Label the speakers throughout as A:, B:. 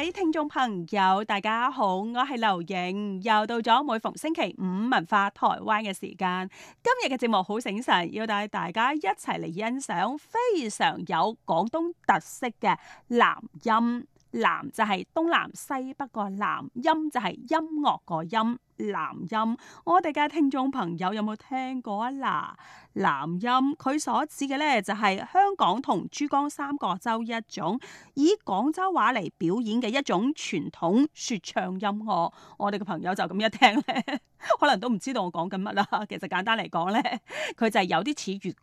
A: 各位聽眾朋友，大家好，我係劉瑩，又到咗每逢星期五文化台灣嘅時間。今日嘅節目好醒神，要帶大家一齊嚟欣賞非常有廣東特色嘅南音。南就係東南西北個南，音就係音樂個音。南音，我哋嘅聽眾朋友有冇聽過啊？嗱，南音佢所指嘅咧就係香港同珠江三角洲一種以廣州話嚟表演嘅一種傳統說唱音樂。我哋嘅朋友就咁一聽咧，可能都唔知道我講緊乜啦。其實簡單嚟講咧，佢就有啲似粵曲，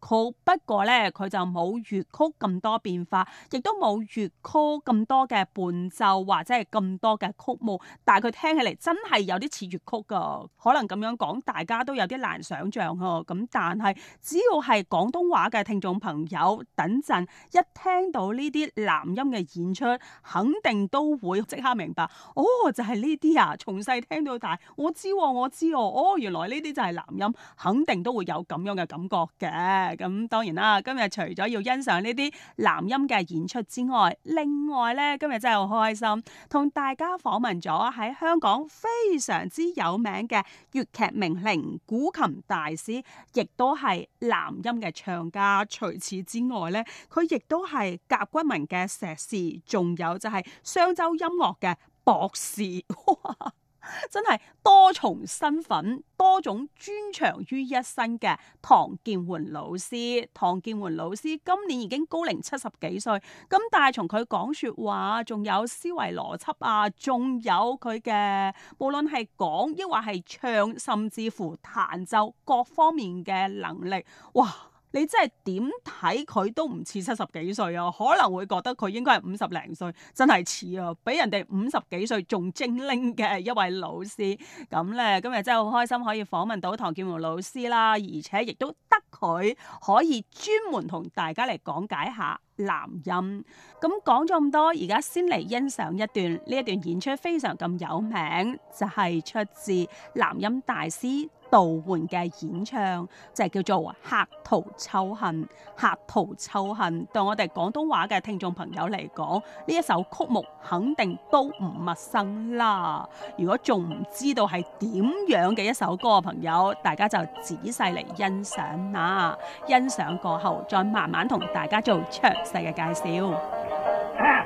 A: 不過咧佢就冇粵曲咁多變化，亦都冇粵曲咁多嘅伴奏或者係咁多嘅曲目。但係佢聽起嚟真係有啲似粵曲。個可能咁樣講，大家都有啲難想象咁但係只要係廣東話嘅聽眾朋友，等陣一,一聽到呢啲南音嘅演出，肯定都會即刻明白。哦，就係呢啲啊，從細聽到大，我知道，哦，我知道哦。哦，原來呢啲就係南音，肯定都會有咁樣嘅感覺嘅。咁當然啦，今日除咗要欣賞呢啲南音嘅演出之外，另外咧，今日真係好開心，同大家訪問咗喺香港非常之有。有名嘅粵劇名伶、古琴大師，亦都係南音嘅唱家。除此之外咧，佢亦都係甲骨文嘅碩士，仲有就係商周音樂嘅博士。真係多重身份、多種專長於一身嘅唐建垣老師。唐建垣老師今年已經高齡七十幾歲，咁但係從佢講說話，仲有思維邏輯啊，仲有佢嘅無論係講抑或係唱，甚至乎彈奏各方面嘅能力，哇！你真係點睇佢都唔似七十幾歲啊，可能會覺得佢應該係五十零歲，真係似啊，比人哋五十幾歲仲精靈嘅一位老師。咁咧，今日真係好開心可以訪問到唐建雄老師啦，而且亦都得佢可以專門同大家嚟講解下南音。咁講咗咁多，而家先嚟欣賞一段呢一段演出，非常咁有名，就係、是、出自南音大師。杜煥嘅演唱，就係、是、叫做《客途秋恨》。《客途秋恨》對我哋廣東話嘅聽眾朋友嚟講，呢一首曲目肯定都唔陌生啦。如果仲唔知道係點樣嘅一首歌嘅朋友，大家就仔細嚟欣賞啦。欣賞過後，再慢慢同大家做詳細嘅介紹。哎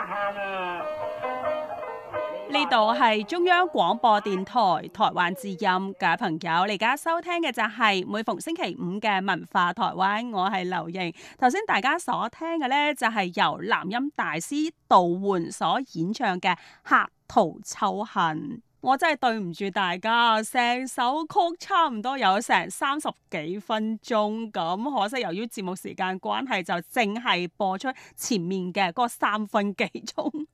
A: 度係中央廣播電台、台灣之音嘅朋友，你而家收聽嘅就係每逢星期五嘅文化台灣，我係劉瑩。頭先大家所聽嘅呢，就係由南音大師杜煥所演唱嘅《客途秋恨》。我真係對唔住大家，成首曲差唔多有成三十幾分鐘，咁可惜由於節目時間關係就淨係播出前面嘅嗰三分幾鐘，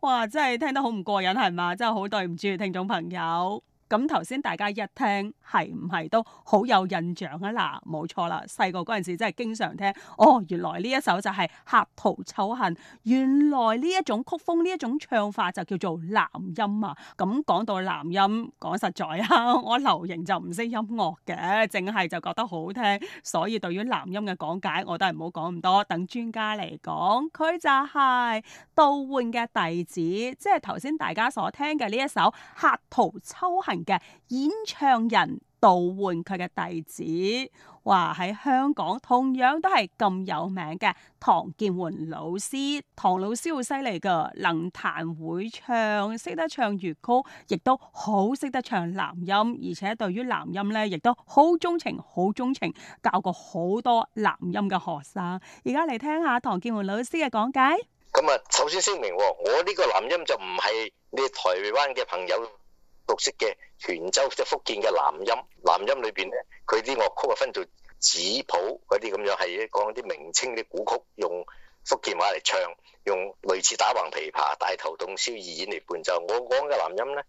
A: 哇！真係聽得好唔過癮係咪？真係好對唔住聽眾朋友。咁頭先大家一聽係唔係都好有印象啊？嗱，冇錯啦，細個陣時真係經常聽，哦，原來呢一首就係、是、客途秋恨，原來呢一種曲風呢一種唱法就叫做南音啊！咁、嗯、講到南音，講實在啊，我流行就唔識音樂嘅，淨係就覺得好聽，所以對於南音嘅講解，我都係唔好講咁多，等專家嚟講。佢就係杜煥嘅弟子，即係頭先大家所聽嘅呢一首客途秋恨，嘅演唱人道喚佢嘅弟子，話喺香港同樣都係咁有名嘅唐健垣老師。唐老師好犀利㗎，能彈會唱，識得唱粵曲，亦都好識得唱南音，而且對於南音咧，亦都好鍾情，好鍾情，教過好多南音嘅學生。而家嚟聽下唐健垣老師嘅講解。
B: 咁啊，首先聲明，我呢個南音就唔係你台灣嘅朋友。綠色嘅泉州即係福建嘅南音，南音裏邊咧，佢啲樂曲啊分做指譜嗰啲咁樣，係講啲明清啲古曲，用福建話嚟唱，用類似打橫琵琶、大頭洞簫二弦嚟伴奏。我講嘅南音咧，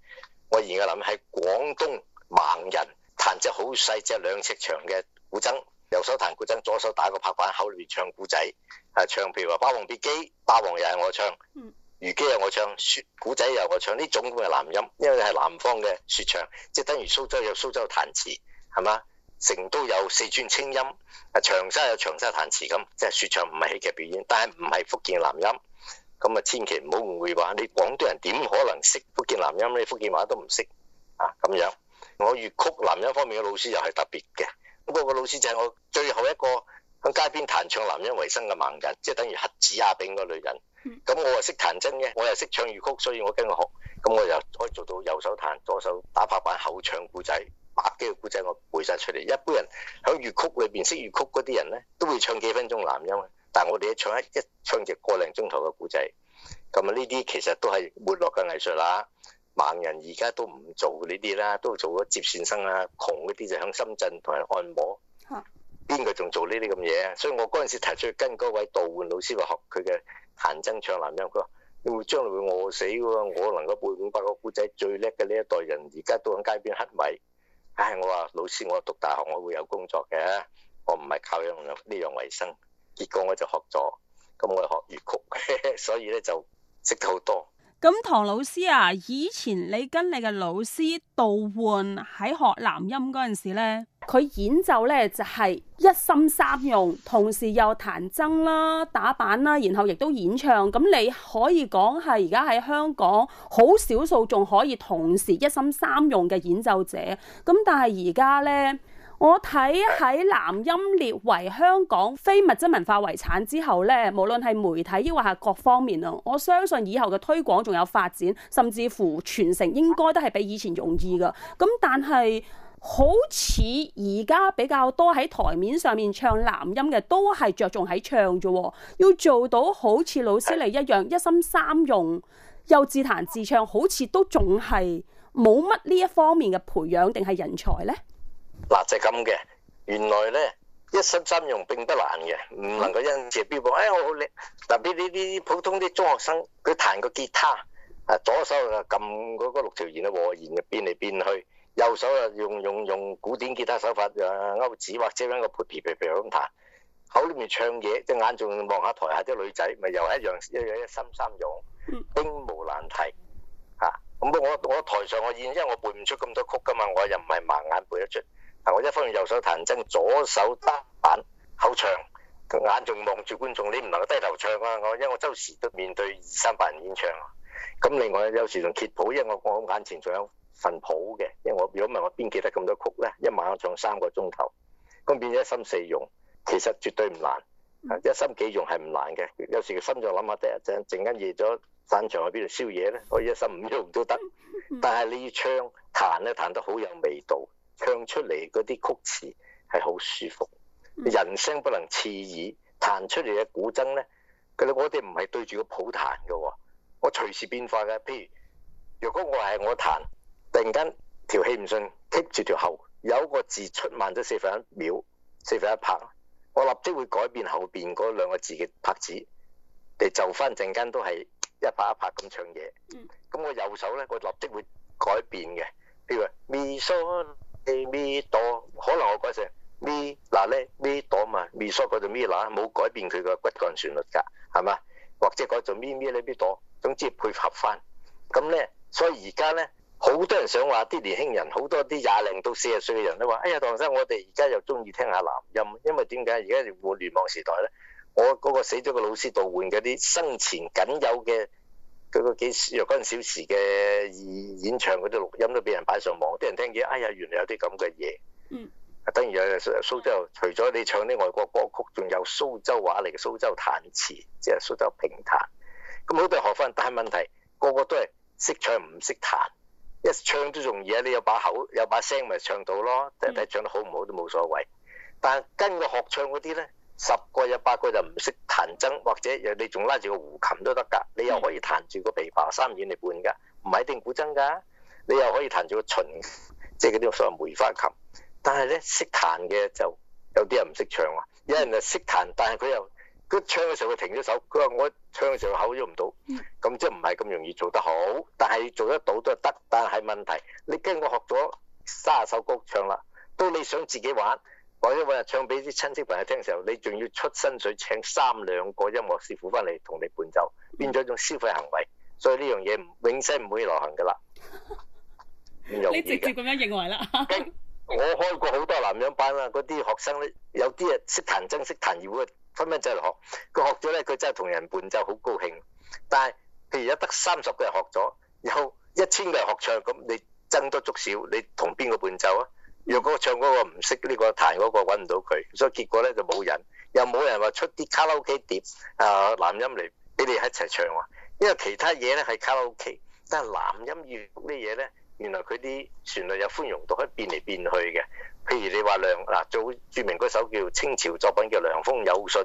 B: 我而家諗係廣東盲人彈隻好細隻兩尺長嘅古箏，右手彈古箏，左手打個拍板，口裏邊唱古仔，啊唱譬如話《霸王別姬》，霸王又係我唱。嗯虞姬有我唱，說古仔有我唱，呢種咁嘅南音，因為係南方嘅說唱，即係等於蘇州有蘇州彈詞，係嘛？成都有四川清音，啊長沙有長沙彈詞咁，即係說唱唔係戲劇表演，但係唔係福建南音，咁啊千祈唔好誤會話你廣東人點可能識福建南音咧？福建話都唔識啊咁樣。我粵曲南音方面嘅老師又係特別嘅，咁嗰個老師就係我最後一個響街邊彈唱南音為生嘅盲人，即係等於黑子啊，俾個女人。咁、嗯嗯、我又識彈真嘅，我又識唱粵曲，所以我跟佢學，咁我又可以做到右手彈，左手打拍板，口唱古仔，百幾個古仔我背晒出嚟。一般人喺粵曲裏邊識粵曲嗰啲人咧，都會唱幾分鐘男音，但係我哋咧，唱一一唱成個零鐘頭嘅古仔。咁啊，呢啲其實都係沒落嘅藝術啦。盲人而家都唔做呢啲啦，都做咗接線生啦。窮嗰啲就喺深圳同人按摩。嚇，邊個仲做呢啲咁嘢啊？所以我嗰陣時提出去跟嗰位杜煥老師話學佢嘅。彈箏唱南音，佢話：你會將來會餓死喎！我能夠背五百個古仔最叻嘅呢一代人，而家都響街邊乞米。唉，我話老師，我讀大學我會有工作嘅，我唔係靠呢樣呢樣為生。結果我就學咗，咁我就學粵曲，所以咧就識得好多。
A: 咁唐老師啊，以前你跟你嘅老師杜煥喺學南音嗰陣時咧，佢演奏呢就係一心三用，同時又彈箏啦、打板啦，然後亦都演唱。咁你可以講係而家喺香港好少數仲可以同時一心三用嘅演奏者。咁但係而家呢。我睇喺南音列為香港非物質文化遺產之後咧，無論係媒體抑或係各方面啊，我相信以後嘅推廣仲有發展，甚至乎傳承應該都係比以前容易噶。咁但係好似而家比較多喺台面上面唱南音嘅，都係着重喺唱啫。要做到好似老師你一樣一心三用，又自彈自唱，好似都仲係冇乜呢一方面嘅培養定係人才咧？
B: 嗱，就係咁嘅，原來咧，一心三用並不難嘅，唔能夠因此而標榜。誒、哎，我好叻，特別呢啲普通啲中學生，佢彈個吉他，啊，左手就撳嗰嗰六條弦嘅和弦，變嚟變去，右手啊，用用用古典吉他手法，啊，勾指或者揾個撥皮皮皮咁彈，口裏面唱嘢，隻眼仲望下台下啲女仔，咪又一樣又一樣一心三用，並無難題嚇。咁、啊、我我台上我演，因為我背唔出咁多曲噶嘛，我又唔係盲眼背得出。我一方面右手彈真，左手打板，口唱，眼仲望住觀眾，你唔能夠低頭唱啊！我因為我周時都面對二三百人演唱，咁另外有時仲揭譜，因為我我眼前仲有份譜嘅，因為我如果問我邊記得咁多曲咧，一晚我唱三個鐘頭，咁變咗一心四用，其實絕對唔難，一心幾用係唔難嘅，有時個心就諗下第日，陣間夜咗散場去邊度宵夜咧，可以一心五用都得，但係你要唱彈咧彈得好有味道。唱出嚟嗰啲曲詞係好舒服，人聲不能刺耳。彈出嚟嘅古箏咧，佢哋我哋唔係對住個譜彈嘅喎，我隨時變化嘅。譬如，如，若果我係我彈，突然間不條氣唔順，棘住條喉，有一個字出慢咗四分一秒、四分拍拍一,一拍，一拍我，我立即會改變後邊嗰兩個字嘅拍子，你就翻陣間都係一拍一拍咁唱嘢。咁我右手咧，我立即會改變嘅，譬如話，咪嗦咪哆，可能我改成咪嗱咧咪哆嘛，咪嗦改做咪啦，冇改變佢個骨幹旋律噶，係嘛？或者改做咪咪咧咪哆，總之配合翻。咁咧，所以而家咧，好多人想話啲年輕人，好多啲廿零到四十歲嘅人都話：哎呀，唐生，我哋而家又中意聽下南音，因為點解而家互聯網時代咧？我嗰個死咗嘅老師度換嗰啲生前僅有嘅。佢、那個幾若分小時嘅演唱嗰啲錄音都俾人擺上網，啲人聽見，哎呀，原來有啲咁嘅嘢。
C: 嗯。
B: 等於有蘇州，除咗你唱啲外國歌曲，仲有蘇州話嚟嘅蘇州彈詞，即係蘇州評彈。咁好多人學翻，但係問題個個都係識唱唔識彈，一唱都容易啊！你有把口有把聲咪唱到咯，睇睇唱得好唔好都冇所謂。但係跟個學唱嗰啲咧。十個有八個就唔識彈箏，或者又你仲拉住個胡琴都得㗎，你又可以彈住個琵琶、三弦嚟伴㗎，唔係一定古箏㗎。你又可以彈住個秦，即係嗰啲所謂梅花琴。但係咧，識彈嘅就有啲人唔識唱喎，有人就識彈，但係佢又佢唱嘅時候佢停咗手，佢話我唱嘅時候口咗唔到。咁即係唔係咁容易做得好，但係做得到都係得。但係問題，你跟我學咗三十首歌唱啦，到你想自己玩，或者我日唱俾啲親戚朋友聽嘅時候，你仲要出薪水請三兩個音樂師傅翻嚟同你伴奏，變咗一種消費行為，所以呢樣嘢永世唔會流行噶啦。你直接咁樣
A: 認為啦 。
B: 我開過好多南音班啦，嗰啲學生咧有啲啊識彈箏、識彈二胡，分分鐘嚟學。佢學咗咧，佢真係同人伴奏好高興。但係佢而家得三十個人學咗，有一千個人學唱，咁你僧多粥少，你同邊個伴奏啊？若個唱嗰個唔識，呢個彈嗰個揾唔到佢，所以結果咧就冇人，又冇人話出啲卡拉 OK 碟啊南音嚟俾你一齊唱。因為其他嘢咧係卡拉 OK，但係南音語咩嘢咧？原來佢啲旋律有寬容度，可以變嚟變去嘅。譬如你話涼嗱最著名嗰首叫清朝作品叫《涼風有信》，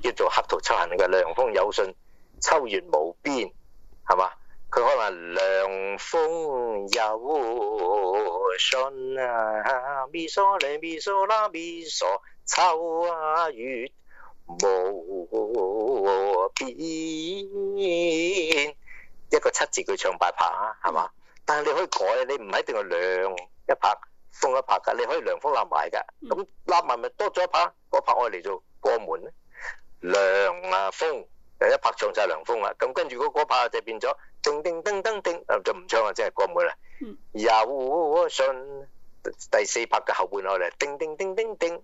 B: 叫做《客途秋恨》嘅《涼風有信》，秋月無邊，係嘛？佢可能涼風有信啊，咪嗦唻咪嗦啦，咪嗦，秋啊月無邊，一個七字句唱八拍，啊，係、嗯、嘛？但係你可以改，你唔係一定係涼一拍，風一拍噶，你可以涼風立埋噶，咁立埋咪多咗一拍，嗰拍我嚟，做過門咧，涼啊風。第一拍唱曬涼風啦，咁跟住嗰個拍就變咗，叮叮噔噔叮叮，就唔唱啦，即係過門啦。嗯，信第四拍嘅後半落嚟，叮叮叮叮叮，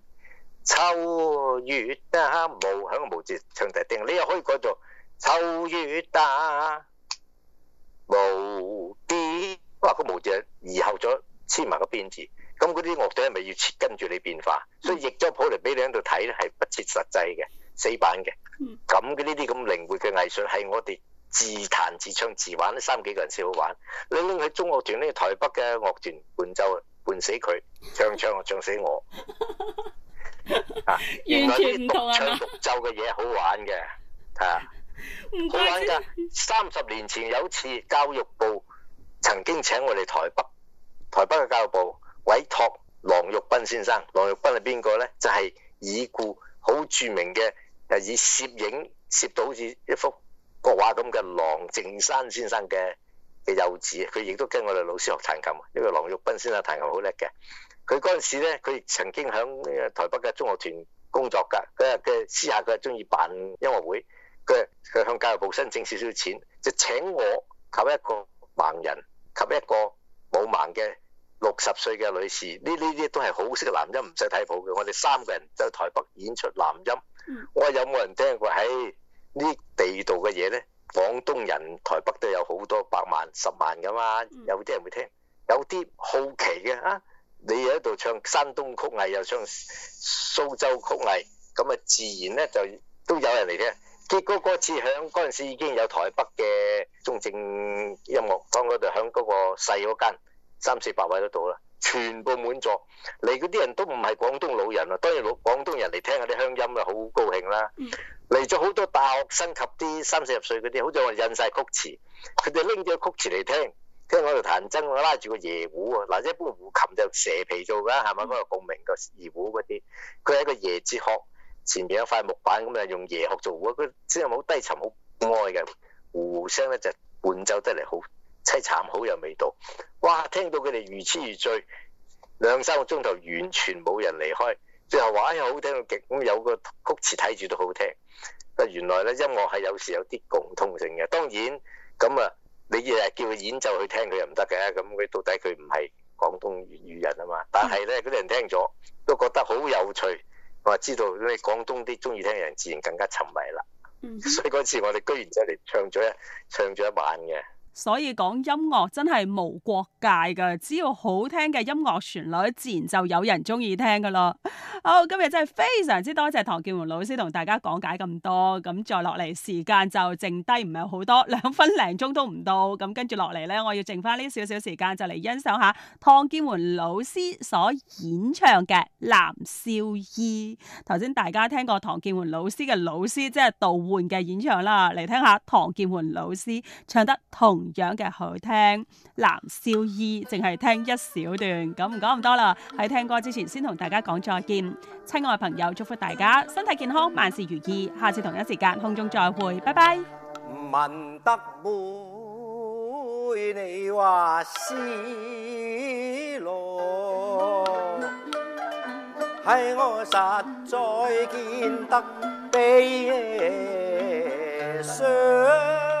B: 秋月啊哈，無響個無字唱就係叮。你又可以改做秋月打無跌，哇！嗰個無字移後咗，黐埋個邊字。咁嗰啲樂隊係咪要切跟住你變化？所以譯咗譜嚟俾你喺度睇咧，係不切實際嘅。死板嘅，咁嘅呢啲咁靈活嘅藝術係我哋自彈自唱自玩，呢三幾個人先好玩。你拎去中樂團，呢去台北嘅樂團伴奏，伴死佢，唱唱就唱死我。啊， 原來啲獨唱獨奏嘅嘢好玩嘅，嚇， 好玩㗎。三 十年前有次教育部曾經請我嚟台北，台北嘅教育部委託郎玉斌先生，郎玉斌係邊個咧？就係、是、已故好著名嘅。係以攝影攝到好似一幅國畫咁嘅郎靜山先生嘅嘅幼子，佢亦都跟我哋老師學彈琴，因為郎玉斌先生的彈琴好叻嘅。佢嗰陣時咧，佢曾經響台北嘅中樂團工作㗎。嗰日嘅私下，佢係中意辦音樂會，佢佢向教育部申請少少錢，就請我及一個盲人及一個冇盲嘅六十歲嘅女士，呢呢啲都係好識嘅南音，唔使睇譜嘅。我哋三個人就喺台北演出南音，我話有冇人聽過？喺、哎、呢地道嘅嘢呢？廣東人台北都有好多百萬、十萬噶嘛，有啲人會聽，有啲好奇嘅嚇。你又喺度唱山東曲藝又唱蘇州曲藝，咁啊自然呢就都有人嚟聽。結果嗰次響嗰陣時已經有台北嘅中正音樂堂嗰度響嗰個細嗰間。三四百位都到啦，全部滿座。嚟嗰啲人都唔係廣東老人啊，當然老廣東人嚟聽下啲鄉音啊，好高興啦。嚟咗好多大學生及啲三四十歲嗰啲，好似我印晒曲詞，佢哋拎住曲詞嚟聽。聽我度彈箏，我拉住個椰胡啊，嗱一般胡琴就蛇皮做㗎，係咪嗰個共鳴個椰胡嗰啲？佢係一個椰子殼，前面有塊木板咁啊，用椰殼做胡。佢先係好低沉、好哀嘅，胡聲咧就伴奏得嚟好。淒慘，好有味道，哇！聽到佢哋如痴如醉，兩三個鐘頭完全冇人離開，最後話又好聽到極，咁有個曲詞睇住都好聽。啊，原來咧音樂係有時有啲共通性嘅。當然咁啊，你日日叫佢演奏去聽佢又唔得嘅。咁佢到底佢唔係廣東粵語人啊嘛？但係咧嗰啲人聽咗都覺得好有趣，我話知道咧廣東啲中意聽嘅人自然更加沉迷啦。嗯。所以嗰次我哋居然就嚟唱咗一唱咗一晚嘅。
A: 所以講音樂真係無國界噶，只要好聽嘅音樂旋律，自然就有人中意聽噶咯。好，oh，今日真係非常之多謝唐健垣老師同大家講解咁多，咁再落嚟時間就剩低唔係好多，兩分零鐘都唔到。咁跟住落嚟呢，我要剩翻呢少少時間就嚟欣賞下唐健垣老師所演唱嘅《男燒衣》。頭先大家聽過唐健垣老師嘅老師即係杜煥嘅演唱啦，嚟聽下唐健垣老師唱得同。同樣嘅好聽，南少伊淨係聽一小段，咁唔講咁多啦。喺聽歌之前，先同大家講再見，親愛朋友，祝福大家身體健康，萬事如意。下次同一時間空中再會，拜拜。聞得
D: 妹你話思郎，係我實在見得悲傷。